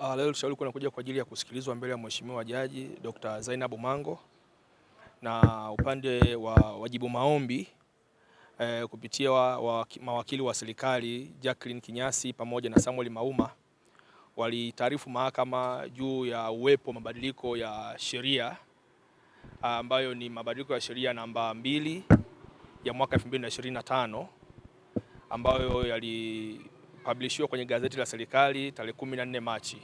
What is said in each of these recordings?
Uh, leo shauri kunakuja kwa ajili ya kusikilizwa mbele ya Mheshimiwa Jaji Dr. Zainabu Mango na upande wa wajibu maombi eh, kupitia wa, wa, mawakili wa serikali Jacqueline Kinyasi pamoja na Samuel Mauma walitaarifu mahakama juu ya uwepo mabadiliko ya sheria ah, ambayo ni mabadiliko ya sheria namba mbili ya mwaka 2025 ambayo yali kupublishiwa kwenye gazeti la serikali tarehe 14 Machi.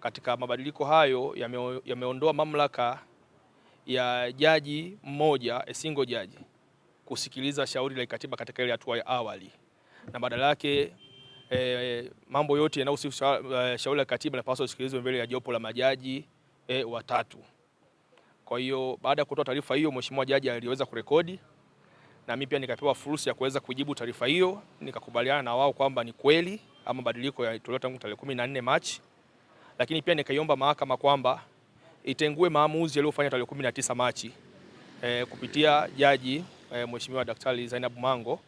Katika mabadiliko hayo yameondoa ya mamlaka ya jaji mmoja a single jaji kusikiliza shauri la kikatiba katika ile hatua ya awali na badala yake e, mambo yote yanayohusu e, shauri la kikatiba yanapaswa kusikilizwa mbele ya jopo la majaji e, watatu. Kwa hiyo baada ya kutoa taarifa hiyo, mheshimiwa jaji aliweza kurekodi na mimi pia nikapewa fursa ya kuweza kujibu taarifa hiyo, nikakubaliana na wao kwamba ni kweli ama mabadiliko yalitolewa tangu tarehe 14 Machi, lakini pia nikaiomba mahakama kwamba itengue maamuzi yaliyofanywa tarehe 19 Machi e, kupitia jaji e, Mheshimiwa Daktari Zainab Mango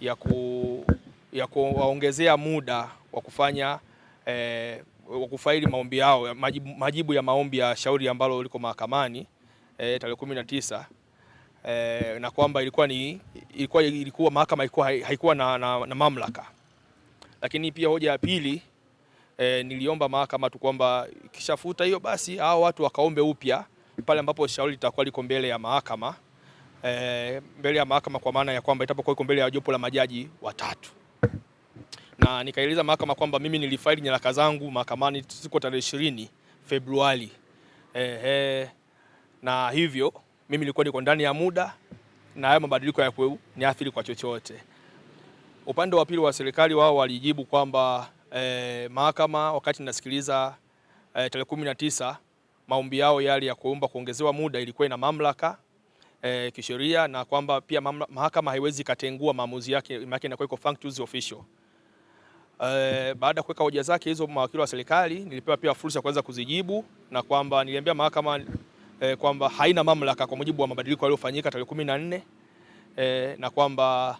ya ku ya kuwaongezea muda wa kufanya e, wa kufaili maombi yao majibu, majibu ya maombi ya shauri ambalo liko mahakamani e, tarehe 19 eh, na kwamba ilikuwa ni ilikuwa ilikuwa mahakama ilikuwa haikuwa na, na, na mamlaka. Lakini pia hoja ya pili eh, niliomba mahakama tu kwamba kishafuta hiyo basi hao watu wakaombe upya pale ambapo shauri litakuwa liko mbele ya mahakama eh, mbele ya mahakama kwa maana ya kwamba itapokuwa iko mbele ya jopo la majaji watatu na nikaeleza mahakama kwamba mimi nilifaili nyaraka zangu mahakamani siku tarehe 20 Februari, ehe, na hivyo mimi nilikuwa niko ndani ya muda na hayo mabadiliko ya kweu ni athiri kwa chochote. Upande wa pili wa serikali wao walijibu kwamba eh, mahakama wakati nasikiliza eh, tarehe kumi na tisa maombi yao yale ya kuomba kuongezewa muda ilikuwa ina mamlaka eh, kisheria na kwamba pia mamla, mahakama haiwezi katengua maamuzi yake, yake inakuwa iko functus official. Eh, baada ya kuweka hoja zake hizo mawakili wa serikali nilipewa pia fursa ya kuweza kuzijibu na kwamba niliambia mahakama eh, kwamba haina mamlaka kwa mujibu wa mabadiliko yaliyofanyika tarehe kumi na nne eh, na kwamba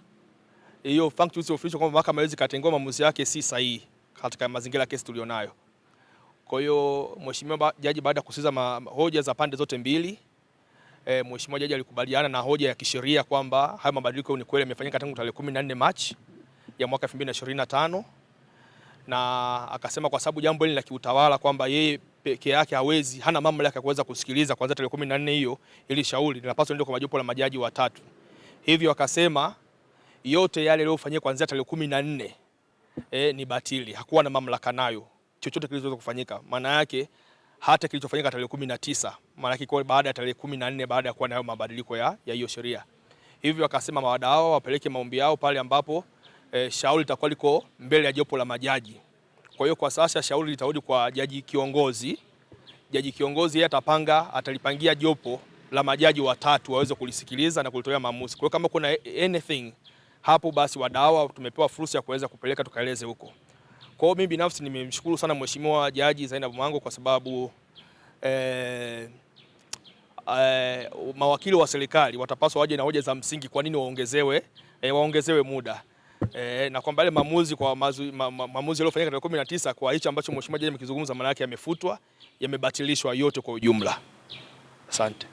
hiyo functions of official kwamba mahakama haiwezi katengua maamuzi yake si sahihi katika mazingira ya kesi tulionayo. Kwa hiyo mheshimiwa jaji baada ya kusikiza hoja za pande zote mbili e, mheshimiwa jaji alikubaliana na hoja ya kisheria kwamba hayo mabadiliko ni kweli yamefanyika tangu tarehe 14 Machi ya mwaka 2025 na akasema kwa sababu jambo hili la kiutawala kwamba yeye peke yake hawezi, hana mamlaka ya kuweza kusikiliza kwanza tarehe kumi na nne hiyo, ili shauri linapaswa ndio kwa majopo la majaji watatu. Hivyo akasema yote yale yaliyofanyika kuanzia tarehe kumi na nne eh, ni batili, hakuwa na mamlaka nayo chochote kilichoweza kufanyika. Maana yake hata kilichofanyika tarehe kumi na tisa maana yake kwa baada ya tarehe kumi na nne baada ya kuwa nayo mabadiliko ya ya hiyo sheria. Hivyo akasema mawada hao wapeleke maombi yao pale ambapo eh, shauri litakuwa liko mbele ya jopo la majaji. Kwa hiyo kwa sasa shauri litarudi kwa jaji kiongozi. Jaji kiongozi yeye atapanga, atalipangia jopo la majaji watatu waweze kulisikiliza na kulitolea maamuzi. Kwa hiyo kama kuna anything hapo, basi wadawa tumepewa fursa ya kuweza kupeleka tukaeleze huko. Kwa hiyo mimi binafsi nimemshukuru sana Mheshimiwa Jaji Zainab Mwango kwa sababu eh, eh, mawakili wa serikali watapaswa waje na hoja za msingi, kwa nini waongezewe eh, waongezewe muda Eh, na kwamba yale maamuzi kwa maamuzi ma, ma, yaliyofanyika tarehe kumi na tisa kwa hicho ambacho mheshimiwa jaji amekizungumza, maana yake yamefutwa, yamebatilishwa yote kwa ujumla. Asante.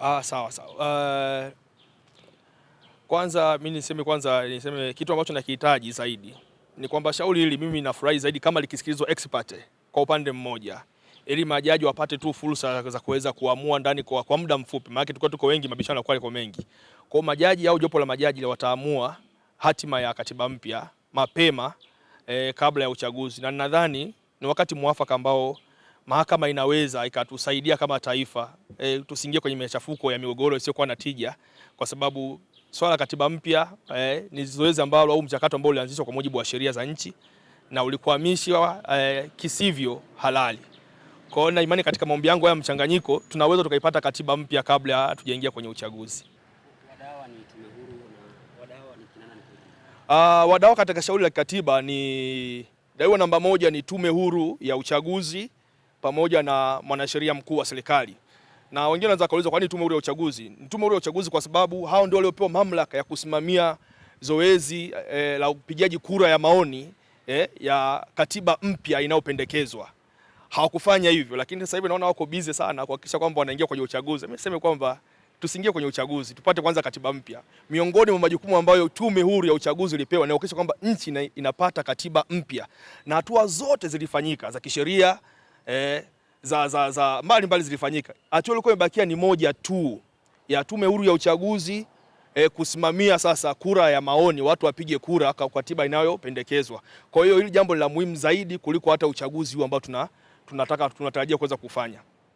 Ah, sawa sawa. Uh, kwanza mimi niseme kwanza niseme kitu ambacho nakihitaji zaidi ni kwamba shauri hili mimi nafurahi zaidi kama likisikilizwa expert kwa upande mmoja, ili majaji wapate tu fursa za kuweza kuamua ndani kwa, kwa muda mfupi, maana tulikuwa tuko wengi, mabishano yalikuwa yako mengi. Kwa hiyo majaji au jopo la majaji wataamua hatima ya katiba mpya mapema eh, kabla ya uchaguzi, na nadhani ni wakati mwafaka ambao mahakama inaweza ikatusaidia kama taifa eh, tusiingie kwenye machafuko ya migogoro isiyokuwa na tija, kwa sababu swala la katiba mpya eh, ni zoezi ambalo au mchakato ambao ulianzishwa kwa mujibu wa sheria za nchi na ulikuhamishwa eh, kisivyo halali. Kwa hiyo na imani katika maombi yangu haya mchanganyiko, tunaweza tukaipata katiba mpya kabla hatujaingia kwenye uchaguzi. Uh, wadawa katika shauri la kikatiba ni daiwa namba moja ni Tume Huru ya Uchaguzi pamoja na mwanasheria mkuu wa serikali na wengine wanaanza kuuliza kwa nini tume huru ya uchaguzi? Ni tume huru ya uchaguzi kwa sababu hao ndio waliopewa mamlaka ya kusimamia zoezi e, la upigaji kura ya maoni e, ya katiba mpya inayopendekezwa. Hawakufanya hivyo, lakini sasa hivi naona wako busy sana kuhakikisha kwamba wanaingia kwenye uchaguzi. Mimi niseme kwamba tusiingie kwenye uchaguzi, tupate kwanza katiba mpya. Miongoni mwa majukumu ambayo tume huru ya uchaguzi ilipewa ni kuhakikisha kwamba nchi inapata katiba mpya, na hatua zote zilifanyika za kisheria e, za, za, za mbalimbali mbali zilifanyika. Hatua ilikuwa imebakia ni moja tu ya Tume Huru ya Uchaguzi e, kusimamia sasa kura ya maoni, watu wapige kura kwa katiba inayopendekezwa. Kwa hiyo hili jambo la muhimu zaidi kuliko hata uchaguzi huu ambao tuna tunataka tunatarajia kuweza kufanya.